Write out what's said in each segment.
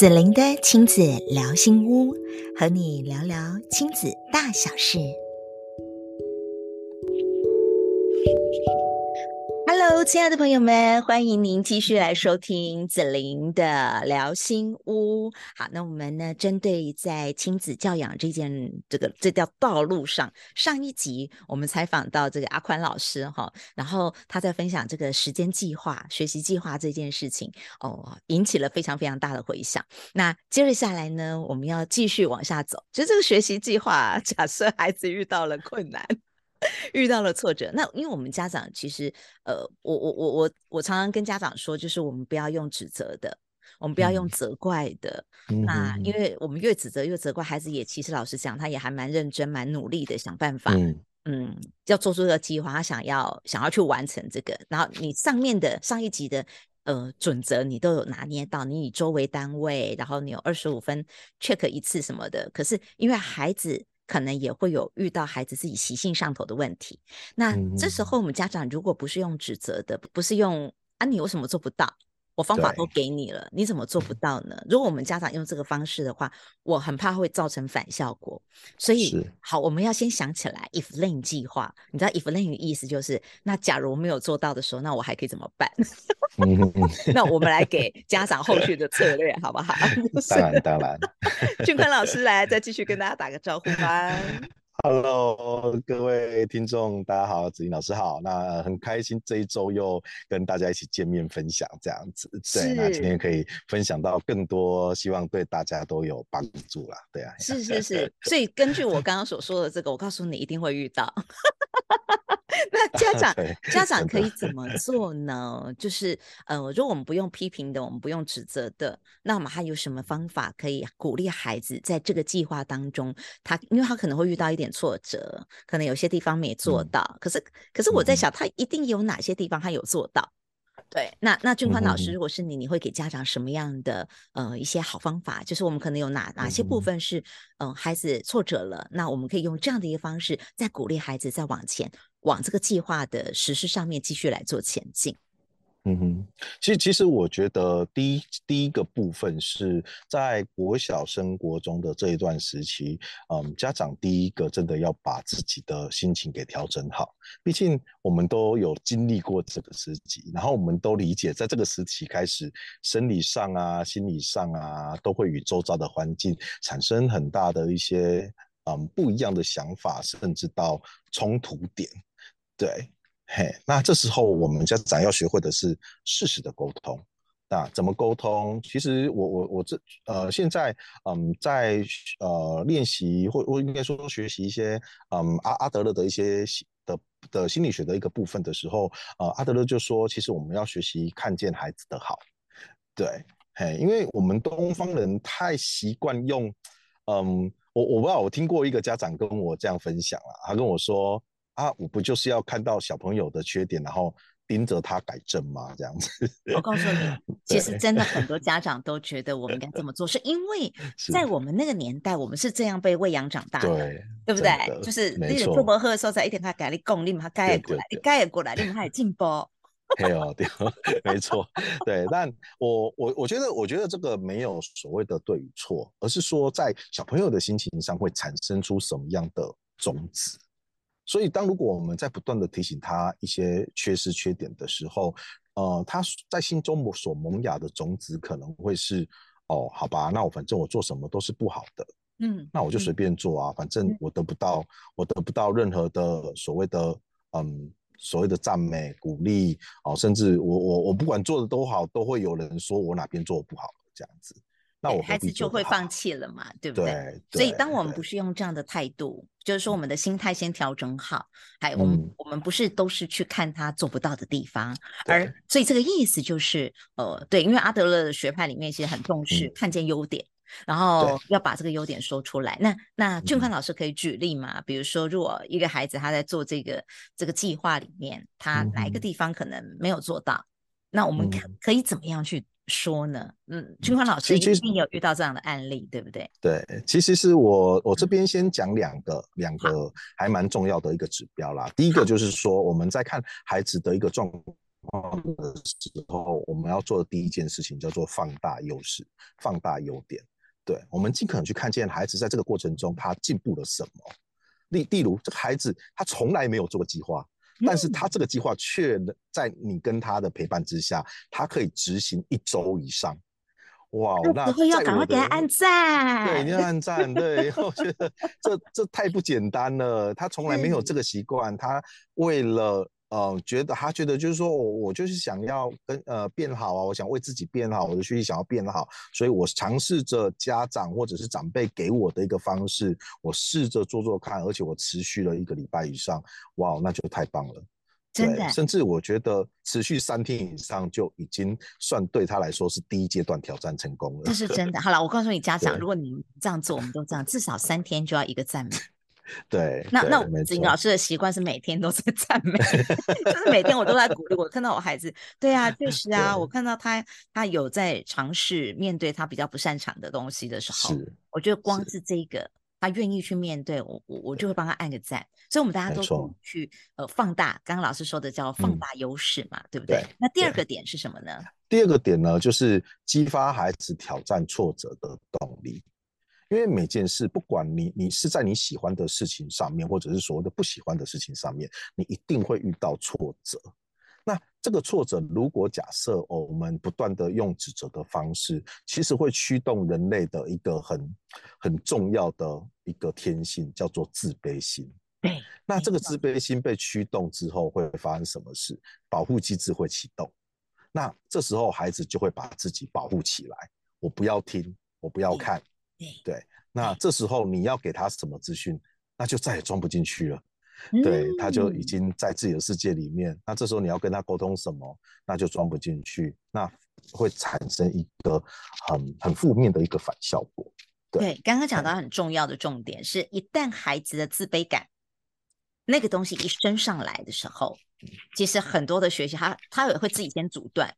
子玲的親子聊心屋，和你聊聊親子大小事。親愛的朋友們，歡迎您繼續來收聽子玲的聊心屋。好，那我們呢，針對在親子教養這件這個這條道路上，上一集我們採訪到這個阿寬老師哈，然後他在分享這個時間計劃、學習計劃這件事情哦，引起了非常非常大的回響。那接着下來呢，我們要繼續往下走，就這個學習計劃，假設孩子遇到了困難。 遇到了挫折，那因為我們家長其實，呃，我我我我我常常跟家長說，就是我們不要用指責的，我們不要用責怪的。嗯、那因為我們越指責越責怪，孩子也其實老實講，他也還蠻認真、蠻努力的想辦法。嗯，嗯，要做出一個計劃，他想要想要去完成這個。然後你上面的上一級的呃準則，你都有拿捏到，你以週為單位，然後你有二十五分 check 一次什麼的。可是因為孩子。可能也會有遇到孩子自己習性上頭的問題，那這時候我們家長如果不是用指責的，嗯、不是用啊你為什麼做不到？我方法都給你了，對你怎麼做不到呢？如果我們家長用這個方式的話，我很怕會造成反效果。所以是好，我們要先想起來 If-Then 計劃。你知道 If-Then 的意思就是，那假如沒有做到的時候，那我還可以怎麼辦？ 嗯、 那我們來給家長後續的策略， 好不好？當然，當然。 俊寬老師來，再繼續跟大家打個招呼吧。Hello，各位聽眾，大家好，子玲老師好。那很開心這一周又跟大家一起見面分享這樣子。是對，那今天可以分享到更多，希望對大家都有幫助啦，對啊。是是是。 對所以根據我剛剛所說的這個， 我告訴你一定會遇到。 那家長 對家長可以怎麼做呢？ 就是，呃，如果我們不用批評的，我們不用指責的，那我們還有什麼方法可以鼓勵孩子在這個計劃當中？他因為他可能會遇到一點挫折，可能有些地方沒做到，嗯、可是可是我在想，嗯、他一定有哪些地方他有做到。對，那那俊寬老師，如果是你，你會給家長什麼樣的呃一些好方法？就是我們可能有哪哪些部分是，嗯、呃，孩子挫折了，那我們可以用這樣的一個方式，再鼓勵孩子再往前往這個計劃的實施上面繼續來做前進。嗯哼，其實其實我覺得，第一第一個部分是在國小升國中的這一段時期，嗯，家長第一個真的要把自己的心情給調整好，畢竟我們都有經歷過這個時期，然後我們都理解，在這個時期開始，生理上啊、心理上啊，都會與周遭的環境產生很大的一些嗯不一樣的想法，甚至到衝突點，對。嘿，hey, 那這時候我們家長要學會的是適時的溝通。那怎麼溝通？其實我我我這呃現在嗯在呃練習或或應該說學習一些嗯阿阿德勒的一些的的心理學的一個部分的時候，呃阿德勒就說，其實我們要學習看見孩子的好。對，嘿、hey，因為我們東方人太習慣用，嗯，我我不知道，我聽過一個家長跟我這樣分享了，他跟我說。啊！我不就是要看到小朋友的缺點，然後盯着他改正嗎？這樣子。我告訴你，其實真的很多家長都覺得我們該這麼做，是因為在我們那個年代，我們是這樣被餵養長大的，對不對？就是做播客的時候，在一點他改了共立馬他改也過來，改也過來，他也進步。對，沒錯。對，但我我我覺得，我覺得這個沒有所謂的對與錯，而是說在小朋友的心情上會產生出什麼樣的種子。所以，當如果我們在不斷地提醒他一些缺失、缺點的時候，呃，他在心中所萌芽的種子，可能會是，哦，好吧，那我反正我做什麼都是不好的，嗯，那我就隨便做啊，嗯、反正我得不到，嗯、我得不到任何的所謂的，嗯，所謂的讚美、鼓勵，哦、呃，甚至我我我不管做的多好，都會有人說我哪邊做的不好，這樣子，那我孩子就會放棄了嘛，對不對？對，對，所以，當我們不是用這樣的態度。就是說，我們的心態先調整好，哎、嗯，還我們我們不是都是去看他做不到的地方，對而所以這個意思就是，呃，對，因為阿德勒的學派裡面其實很重視、嗯、看見優點，然後要把這個優點說出來。對那那俊寬老師可以舉例嘛？嗯、比如說，如果一個孩子他在做這個這個計劃裡面，他哪一個地方可能沒有做到，嗯、哼那我們看可以怎麼樣去？說呢，嗯，俊寬老師其實一定有遇到這樣的案例，實對不對？對，其實是我我這邊先講兩個、嗯、兩個還蠻重要的一個指標啦。好第一個就是說，我們在看孩子的一個狀況的時候，好我們要做的第一件事情叫做放大優勢，放大優點。對，我們盡可能去看見孩子在這個過程中他進步了什麼。例例如這個孩子他從來沒有做過計劃。但是他這個計劃卻在你跟他的陪伴之下，他可以執行一周以上，哇！那要趕快給他按讚。對，你要按讚，對， 我覺得這這太不簡單了。他從來沒有這個習慣，是他為了。呃，覺得他覺得就是說我我就是想要跟呃變好啊，我想為自己變好，我的學習想要變好，所以我嘗試着家長或者是長輩給我的一個方式，我試着做做看，而且我持續了一個禮拜以上，哇，那就太棒了，真的，甚至我覺得持續三天以上就已經算對他來說是第一階段挑戰成功了。這是真的，好了，我告訴你家長，對如果你這樣做，我們都這樣，至少三天就要一個讚嘛 對，那那我們子玲老師的習慣是每天都在讚美，就是每天我都在鼓勵。我看到我孩子，對啊，就是啊，我看到他他有在嘗試面對他比較不擅長的東西的時候，是，我覺得光是這個，他願意去面對，我我我就會幫他按個讚。所以，我們大家都去呃放大，剛剛老師說的叫放大優勢嘛，對不對？那第二個點是什麼呢？第二個點呢，就是激發孩子挑戰挫折的動力。因為每件事，不管你你是在你喜歡的事情上面，或者是所謂的不喜歡的事情上面，你一定會遇到挫折。那這個挫折，如果假設哦，我們不斷的用指責的方式，其實會驅動人類的一個很很重要的一個天性，叫做自卑心。對。那這個自卑心被驅動之後，會發生什麼事？保護機制會啟動。那這時候，孩子就會把自己保護起來。我不要聽，我不要看。對，那這時候你要給他什麼資訊，哎、那就再也裝不進去了。嗯、對，他就已經在自己的世界裡面。那這時候你要跟他溝通什麼，那就裝不進去，那會產生一個很很負面的一個反效果。對，對剛剛講到很重要的重點、嗯、是，一旦孩子的自卑感那個東西一升上來的時候，其實很多的學習他，他他也會自己先阻斷，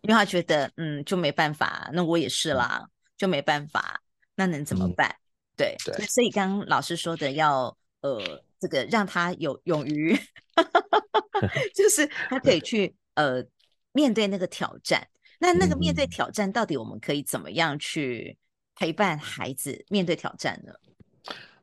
因為他覺得，嗯，就沒辦法，那我也是啦，嗯、就沒辦法。那能怎麼辦？嗯、對，對，所以剛剛老師說的要呃，這個讓他有勇於， 就是他可以去 呃面對那個挑戰。那那個面對挑戰，到底我們可以怎麼樣去陪伴孩子面對挑戰呢？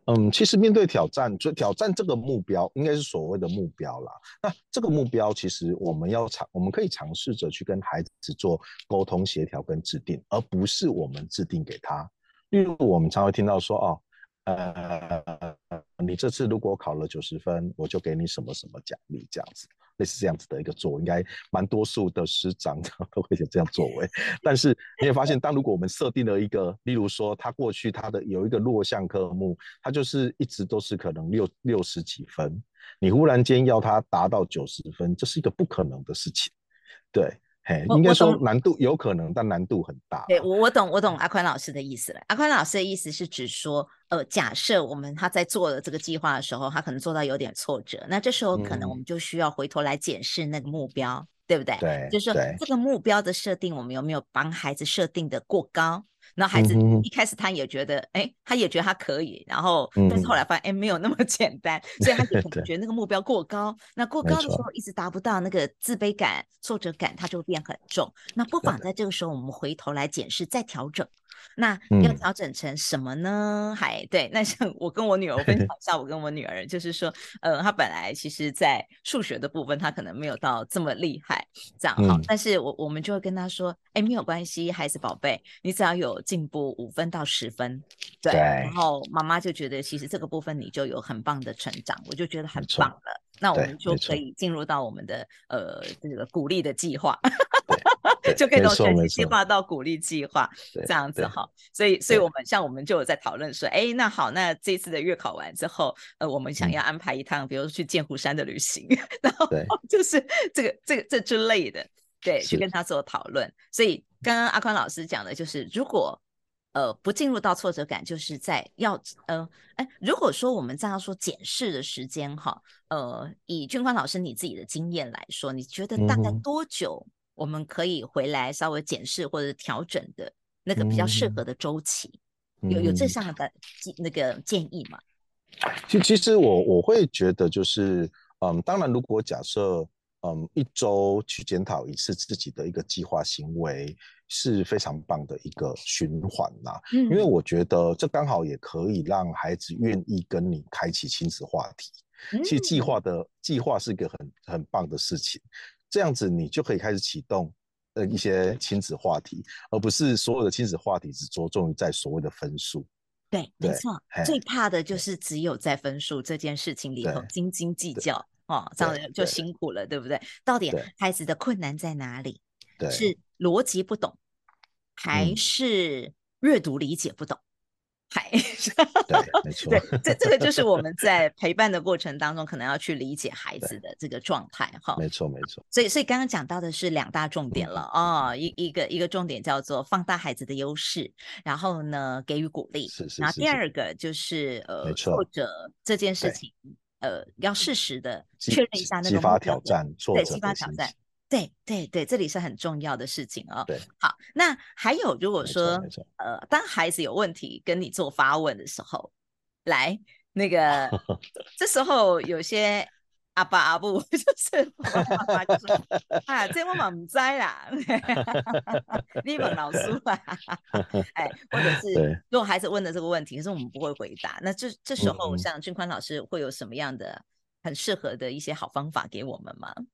嗯，其實面對挑戰，就挑戰這個目標，應該是所謂的目標啦。那這個目標，其實我們要嘗，我們可以嘗試着去跟孩子做溝通、協調跟制定，而不是我們制定給他。例如我們常會聽到說，哦，呃，你這次如果考了九十分，我就給你什麼什麼獎勵，這樣子，類似這樣子的一個作為，應該蠻多數的師長都會有這樣作為。但是你也發現，當如果我們設定了一個，例如說他過去他的有一個弱項科目，他就是一直都是可能六六十幾分，你忽然間要他達到九十分，這是一個不可能的事情，對。應該說難度有可能，但難度很大。對，我我懂，我懂阿寬老師的意思了。阿寬老師的意思是指說，呃，假設我們他在做了這個計劃的時候，他可能做到有點挫折，那這時候可能我們就需要回頭來檢視那個目標，嗯，對不對？對，就是說這個目標的設定，我們有沒有幫孩子設定的過高？那孩子一開始他也覺得，哎、嗯哼，他也覺得他可以，然後，但是後來發現，哎、嗯，沒有那麼簡單，所以他就覺得那個目標過高。 對那過高的時候，錯一直達不到，那個自卑感、挫折感，他就會變很重。那不妨在這個時候，我們回頭來檢視，對再調整。那要調整成什麼呢？還、嗯、對，那像我跟我女兒分享一下， 我跟我女兒就是說，呃，她本來其實在數學的部分，她可能沒有到這麼厲害，這樣哈、嗯。但是我我們就會跟她說，哎、欸，沒有關係，孩子寶貝，你只要有進步五分到十分，對。對然後媽媽就覺得其實這個部分你就有很棒的成長，我就覺得很棒了。錯那我們就可以進入到我們的對呃這個鼓勵的計劃。 就可以從獎勵計劃到鼓勵計劃這樣子哈，所以所以我們像我們就有在討論說，哎，那好，那這次的月考完之後，呃，我們想要安排一趟，比如說去劍湖山的旅行，然後就是這個這個這之類的，對，去跟他做討論。所以剛剛阿寬老師講的就是，如果呃不進入到挫折感，就是在要呃哎、呃，如果說我們這樣說檢視的時間哈，呃，以俊寬老師你自己的經驗來說，你覺得大概多久？嗯我們可以回來稍微檢視或者調整的那個比較適合的週期，嗯嗯、有有這項的那個建議嗎？其其實我我會覺得就是，嗯，當然如果假設，嗯，一周去檢討一次自己的一個計劃行為是非常棒的一個循環啦、啊。嗯、因為我覺得這剛好也可以讓孩子願意跟你開啟親子話題。嗯、其實計劃的計劃是一個很很棒的事情。這樣子你就可以開始啟動呃一些親子話題，而不是所有的親子話題只着重在所謂的分數。對，沒錯，最怕的就是只有在分數這件事情裡頭斤斤計較對哦，這樣就辛苦了，對，對不對？對到底孩子的困難在哪裡？對是邏輯不懂，還是閱讀理解不懂？嗯 對，沒錯，對，這這個就是我們在陪伴的過程當中，可能要去理解孩子的這個狀態哈。沒錯，沒錯。所以，所以剛剛講到的是兩大重點了、嗯、哦。一一個一個重點叫做放大孩子的優勢，然後呢給予鼓勵。是是然後第二個就是，是，是，是呃，沒錯或者這件事情對呃，要適時的確認一下那個激發挑戰，對，激發挑戰。對對對，這裡是很重要的事情哦。對好，那還有如果說呃，當孩子有問題跟你做發問的時候，來那個 這時候有些阿爸阿母就是爸爸媽媽就說 啊，這媽媽唔知啦，你 們老師啊， 哎，或者是如果孩子問了這個問題，對可是我們不會回答，那這這時候像俊寬老師會有什麼樣的很適合的一些好方法給我們嗎？嗯嗯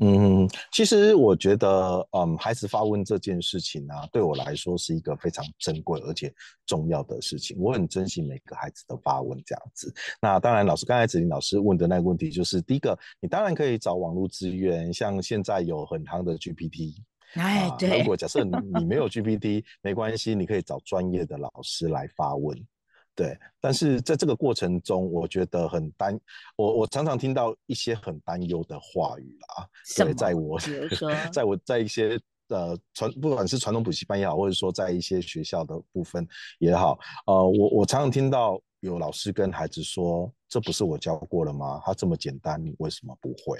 嗯，其實我覺得，嗯，孩子發問這件事情呢、啊，對我來說是一個非常珍貴而且重要的事情。我很珍惜每個孩子的發問這樣子。那當然，老師剛才子玲老師問的那個問題，就是第一個，你當然可以找網絡資源，像現在有很夯的 GPT。哎，呃、對。如果假設你沒有 GPT， 沒關係，你可以找專業的老師來發問。對，但是在這個過程中，我覺得很擔，我我常常聽到一些很擔憂的話語啦、啊，麼在我，說在我，在一些呃傳，不管是傳統補習班也好，或者說在一些學校的部分也好，呃，我我常常聽到有老師跟孩子說：“這不是我教過了嗎？他這麼簡單，你為什麼不會？”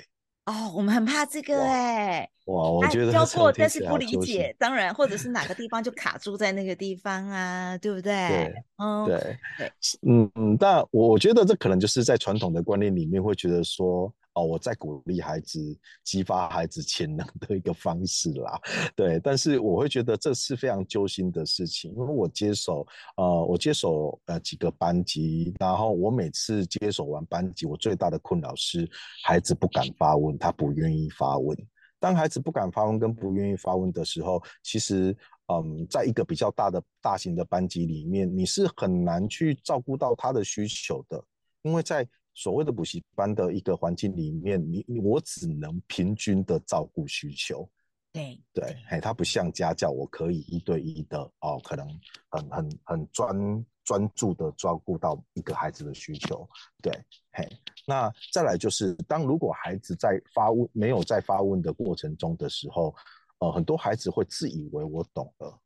哦，我們很怕這個哎、欸，哇，哎、我覺得，教過但是不理解，是當然，或者是哪個地方就卡住在那個地方啊， 對不對？對，嗯，對，對，嗯，但我覺得這可能就是在傳統的觀念裡面會覺得說。我在鼓勵孩子，激發孩子潛能的一個方式啦。對，但是我會覺得這是非常揪心的事情，因為我接手，呃，我接手呃幾個班級，然後我每次接手完班級，我最大的困擾是孩子不敢發問，他不願意發問。當孩子不敢發問跟不願意發問的時候，其實，嗯，在一個比較大的、大型的班級裡面，你是很難去照顧到他的需求的，因為在。所謂的補習班的一個環境裡面，你我只能平均的照顧需求。對對，嘿，它不像家教，我可以一對一的哦，可能很很很專專注的照顧到一個孩子的需求。對，嘿，那再來就是，當如果孩子在發問沒有在發問的過程中的時候，呃，很多孩子會自以為我懂了。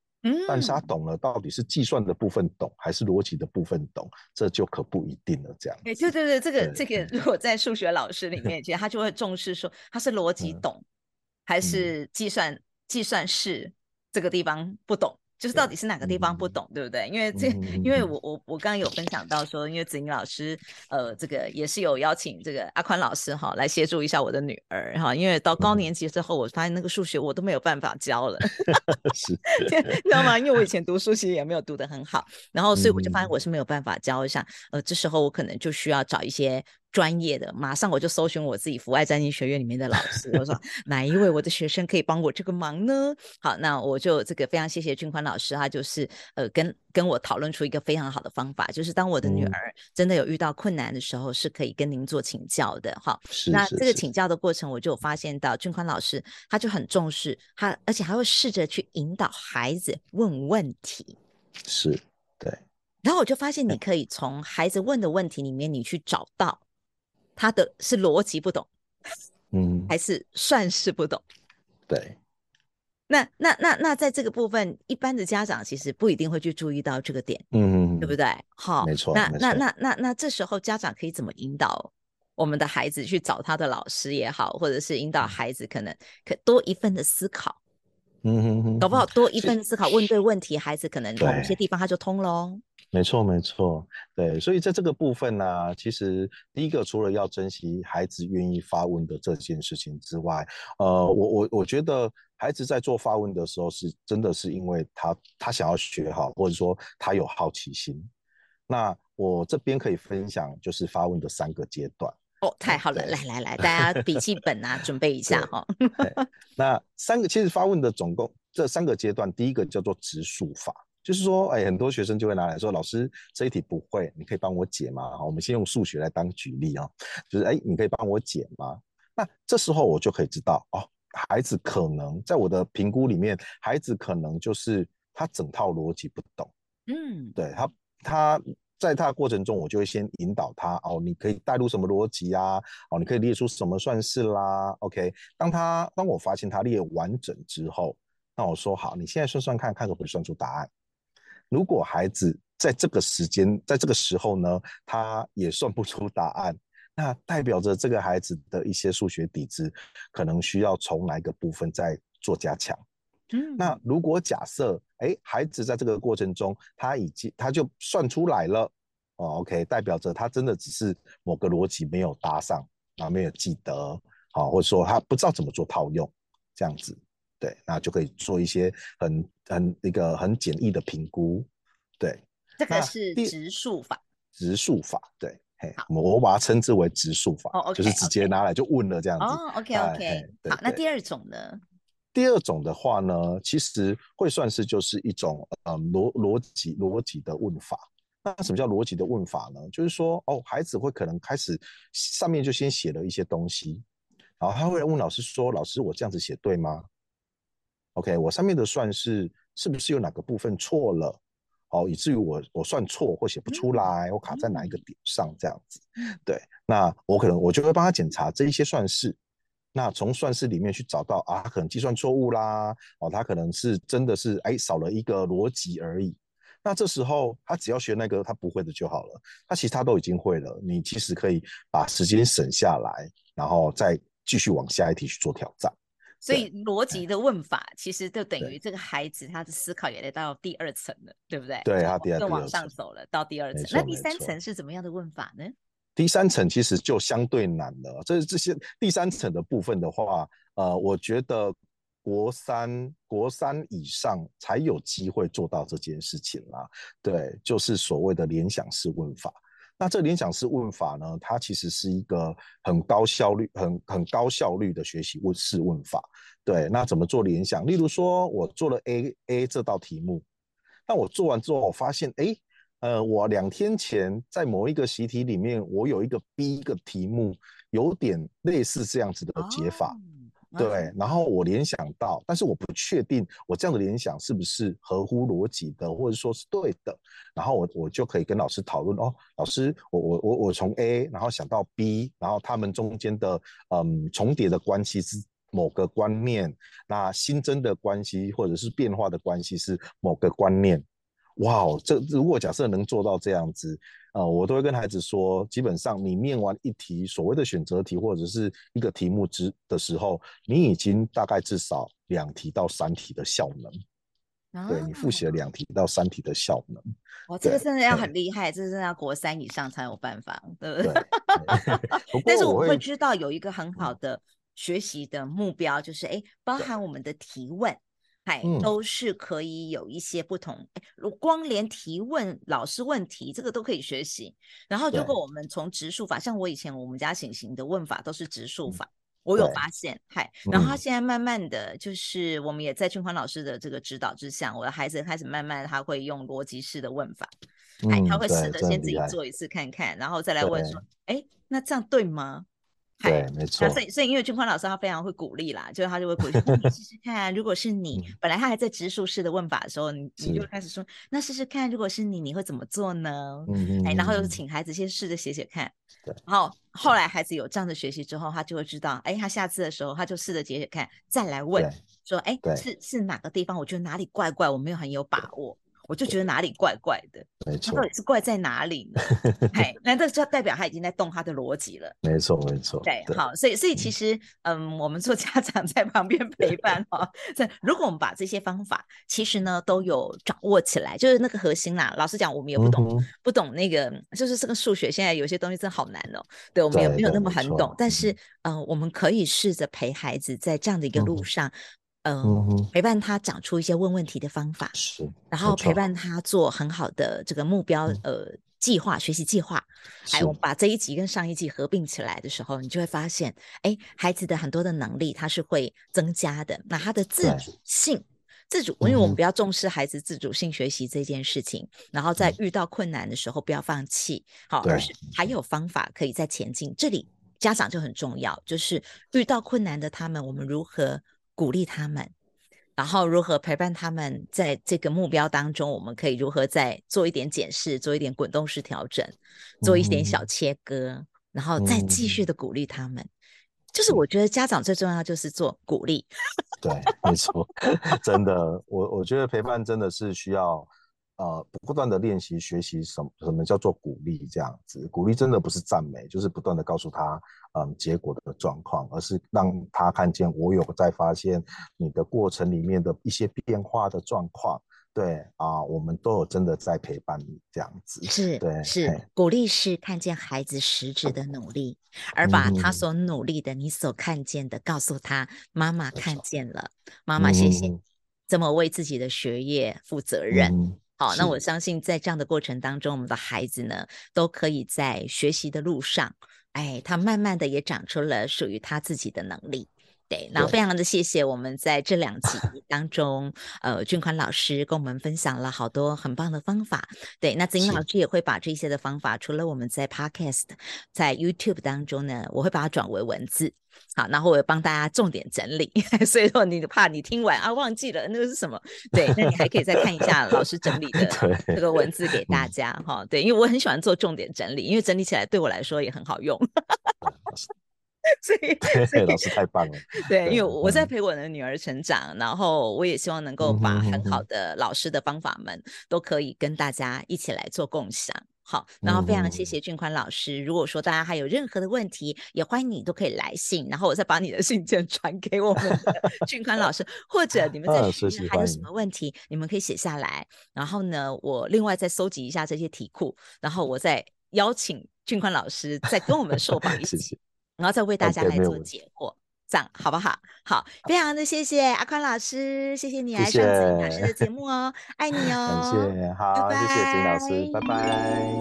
但是他懂了，到底是計算的部分懂，還是邏輯的部分懂？這就可不一定了。這樣子，對、欸、對對，這個對這個，如果在數學老師裡面，嗯、其實他就會重視說，他是邏輯懂，嗯、還是計算、嗯、計算式這個地方不懂。就是到底是哪個地方不懂，嗯、對不對？因為這，嗯、因為我我我剛剛有分享到說，因為子玲老師，呃，這個也是有邀請這個阿寬老師哈來協助一下我的女兒哈。因為到高年級之後，嗯、我發現那個數學我都沒有辦法教了 是的，知道嗎？因為我以前讀數學也沒有讀得很好，啊、然後所以我就發現我是沒有辦法教一下。呃，這時候我可能就需要找一些。專業的，馬上我就搜尋我自己福愛在業學院裡面的老師，我說 哪一位我的學生可以幫我這個忙呢？好，那我就這個非常謝謝俊寬老師，他就是呃跟跟我討論出一個非常好的方法，就是當我的女兒真的有遇到困難的時候，嗯、是可以跟您做請教的哈。好，是是是，那這個請教的過程，我就發現到俊寬老師他就很重視他，而且還會試着去引導孩子問問題。是。對。然後我就發現，你可以從孩子問的問題裡面，你去找到。他的是邏輯不懂，嗯，還是算是不懂，對。那那那那，那那那在這個部分，一般的家長其實不一定會去注意到這個點，嗯，對不對？好，沒錯。那那那那那，這時候家長可以怎麼引導我們的孩子去找他的老師也好，或者是引導孩子可能可多一份的思考，嗯嗯嗯，嗯搞不好多一份思考，是問對問題，孩子可能某些地方他就通了。沒錯，沒錯，對，所以在這個部分呢，其實第一個除了要珍惜孩子願意發問的這件事情之外，呃，我我我覺得孩子在做發問的時候是真的是因為他他想要學好，或者說他有好奇心。那我這邊可以分享就是發問的三個階段。哦，太好了，來來來，大家筆記本啊， 準備一下哈、哦。那三個其實發問的總共這三個階段，第一個叫做直述法。就是說、欸，很多學生就會拿來說，說老師這一題不會，你可以幫我解嗎？我們先用數學來當舉例啊、哦，就是哎、欸，你可以幫我解嗎？那這時候我就可以知道哦，孩子可能在我的評估裡面，孩子可能就是他整套邏輯不懂，嗯，對，他他在他的過程中，我就會先引導他哦，你可以帶入什麼邏輯啊？哦，你可以列出什麼算式啦？OK，當他當我發現他列完整之後，那我說好，你現在算算看看可不可以算出答案。如果孩子在這個時間，在這個時候呢，他也算不出答案，那代表着這個孩子的一些數學底子，可能需要從哪一個部分再做加強。嗯，那如果假設，哎，孩子在這個過程中，他已經他就算出來了，哦，OK，代表着他真的只是某個邏輯沒有搭上啊，沒有記得好，或者說他不知道怎麼做套用，這樣子。對，那就可以做一些很很一個很簡易的評估。對，這個是直述法。直述法，對，嘿，好我把它稱之為直述法。哦，OK，就是直接拿來就問了這樣子。哦，OK，OK。對，好，那第二種呢？第二種的話呢，其實會算是就是一種呃邏邏輯邏輯的問法。那什麼叫邏輯的問法呢？就是說哦，孩子會可能開始上面就先寫了一些東西，然後他會問老師說：“老師，我這樣子寫對嗎？” OK，我上面的算式是不是有哪個部分錯了？哦，以至於我我算錯或寫不出來，我卡在哪一個點上這樣子？對，那我可能我就會幫他檢查這一些算式。那從算式裡面去找到啊，他可能計算錯誤啦，哦，他可能是真的是哎少了一個邏輯而已。那這時候他只要學那個他不會的就好了，他其實他都已經會了，你其實可以把時間省下來，然後再繼續往下一題去做挑戰。所以邏輯的問法，其實就等於這個孩子他的思考也得到第二層了，對,對不對？對，他第二層往上走了，對到第二層。那第三層是怎麼樣的問法呢？第三層其實就相對難了。這這些第三層的部分的話，呃，我覺得國三國三以上才有機會做到這件事情啦。對，就是所謂的聯想式問法。那這聯想式問法呢？它其實是一個很高效率、很、很高效率的學習問式問法。對，那怎麼做聯想？例如說我做了 A A 這道題目，那我做完之後，我發現，哎、欸，呃，我兩天前在某一個習題裡面，我有一個 B 一個題目，有點類似這樣子的解法。哦對，嗯、然後我聯想到，但是我不確定我這樣的聯想是不是合乎邏輯的，或者說是對的。然後我我就可以跟老師討論哦，老師，我我我我從 A 然後想到 B，然後他們中間的嗯重疊的關係是某個觀念，那新增的關係或者是變化的關係是某個觀念。哇，這如果假設能做到這樣子。啊、呃，我都會跟孩子說，基本上你念完一題所謂的選擇題或者是一個題目之的時候，你已經大概至少兩題到三題的效能，啊、對你複習了兩題到三題的效能。哦、對哇，這個真的要很厲害，對這個真的要國三以上才有辦法，對不對？對，對，不過我會，但是我會知道有一個很好的學習的目標，就是哎，包含我們的提問。嗨，都是可以有一些不同。哎、嗯，光連提問，老師問題這個都可以學習。然後，如果我們從直述法，對像我以前我們家醒醒的問法都是直述法，嗯、我有發現，對嗨。然後現在慢慢的就是，我們也在俊寬老師的這個指導之下，嗯、我的孩子開始慢慢他會用邏輯式的問法。哎、嗯，他會試着先自己做一次看看，對然後再來問說，哎對、欸，那這樣對嗎？對，沒錯。所以，所以因為俊寬老師他非常會鼓勵啦，就他就會鼓勵， 哦、你試試看，如果是你，嗯、本來他還在直述式的問法的時候，你你就開始說，是那試試看，如果是你，你會怎麼做呢？嗯、哎，然後又請孩子先試着寫寫看。對然後後來孩子有這樣的學習之後，他就會知道，哎，他下次的時候他就試着寫寫看，再來問對說，哎，對是是哪個地方？我覺得哪裡怪怪，我沒有很有把握。我就覺得哪裡怪怪的，沒到底是怪在哪裡呢？那錯就代表他已經在動他的邏輯了？沒錯，沒錯。對，好，所以，所以其實，嗯，嗯，我們做家長在旁邊陪伴啊，在對、嗯、如果我們把這些方法，其實呢都有掌握起來，就是那個核心啦。老實講，我們也不懂，嗯、哼不懂那個，就是這個數學現在有些東西真的好難哦、喔。對，我們也沒有那麼很懂，但是，嗯，嗯呃、我們可以試着陪孩子在這樣的一個路上。嗯呃、嗯哼，陪伴他講出一些問問題的方法，是，然後陪伴他做很好的這個目標，嗯、呃，計劃、學習計劃。哎是，我們把這一集跟上一集合併起來的時候，你就會發現，哎，孩子的很多的能力他是會增加的。那他的自主性、對自主，因為我們比較重視孩子自主性學習這件事情，嗯、然後在遇到困難的時候不要放棄，嗯、好，而是還有方法可以再前進。對這裡家長就很重要，就是遇到困難的他們，我們如何？鼓勵他們，然後如何陪伴他們在這個目標當中，我們可以如何再做一點檢視，做一點滾動式調整，做一點小切割，嗯、然後再繼續的鼓勵他們。嗯、就是我覺得家長最重要就是做鼓勵，對 沒錯，真的，我我覺得陪伴真的是需要。呃，不斷的練習學習什麼什麼叫做鼓勵這樣子，鼓勵真的不是讚美，就是不斷的告訴他，嗯，結果的狀況，而是讓他看見我有在發現你的過程裡面的一些變化的狀況。對啊、呃，我們都有真的在陪伴你這樣子。是，對，是嘿鼓勵是看見孩子實質的努力，嗯、而把他所努力的，你所看見的，告訴他，媽媽看見了，媽媽謝謝你，嗯、這麼為自己的學業負責任。嗯好、哦，那我相信在這樣的過程當中，是我們的孩子呢，都可以在學習的路上，哎，他慢慢的也長出了屬於他自己的能力。對，那非常的謝謝我們在這兩集當中，對呃，俊寬老師跟我們分享了好多很棒的方法。對，那子玲老師也會把這些的方法，是除了我們在 Podcast、在 YouTube 當中呢，我會把它轉為文字，好，然後我也幫大家重點整理，所以說你怕你聽完啊忘記了那個是什麼，對，那你還可以再看一下老師整理的這個文字給大家哈 對、哦。對，因為我很喜歡做重點整理，因為整理起來對我來說也很好用。所以老師太棒了。對，因為我在陪我的女兒成長，然後我也希望能夠把很好的老師的方法們都可以跟大家一起來做共享。好，然後非常謝謝俊寬老師。如果說大家還有任何的問題，也歡迎你都可以來信，然後我再把你的信件傳給我們的俊寬老師，或者你們在學習還有什麼問題，你們可以寫下來，然後呢，我另外再蒐集一下這些題庫，然後我再邀請俊寬老師再跟我們受訪一次。然後再為大家來做解惑，okay，這樣好不好？好，非常的謝謝阿寬老師，謝謝你來上子玲老師的節目哦，謝謝愛你哦，感謝，謝，好，拜拜謝謝子玲老師，拜拜。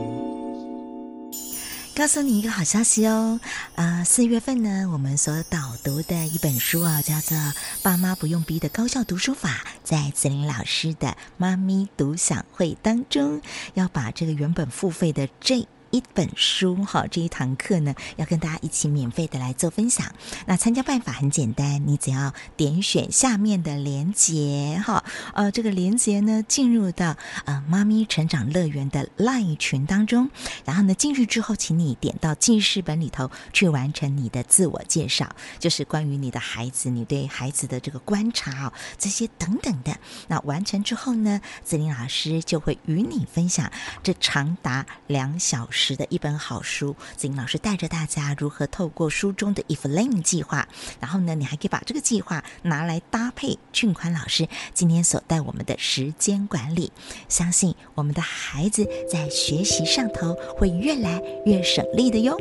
告訴你一個好消息哦，啊、呃，四月份呢，我們所導讀的一本書啊、哦，叫做《爸媽不用逼的高效讀書法》，在子玲老師的媽咪獨享會當中，要把這個原本付費的這一本書哈，這一堂課呢，要跟大家一起免費的來做分享。那參加辦法很簡單，你只要點選下面的連結哈、哦，呃，這個連結呢，進入到呃媽咪成長樂園的 LINE 群當中，然後呢，進去之後，請你點到記事本裡頭去完成你的自我介紹，就是關於你的孩子，你對孩子的這個觀察、哦、這些等等的。那完成之後呢，子玲老師就會與你分享這長達兩小時。時的一本好書，子玲老師帶着大家如何透過書中的 If l a n 計劃，然後呢，你還可以把這個計劃拿來搭配俊寬老師今天所帶我們的時間管理，相信我們的孩子在學習上頭會越來越省力的喲。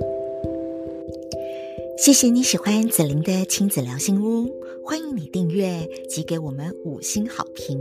謝謝你喜歡子玲的親子聊心屋，歡迎你訂閱及給我們五星好評。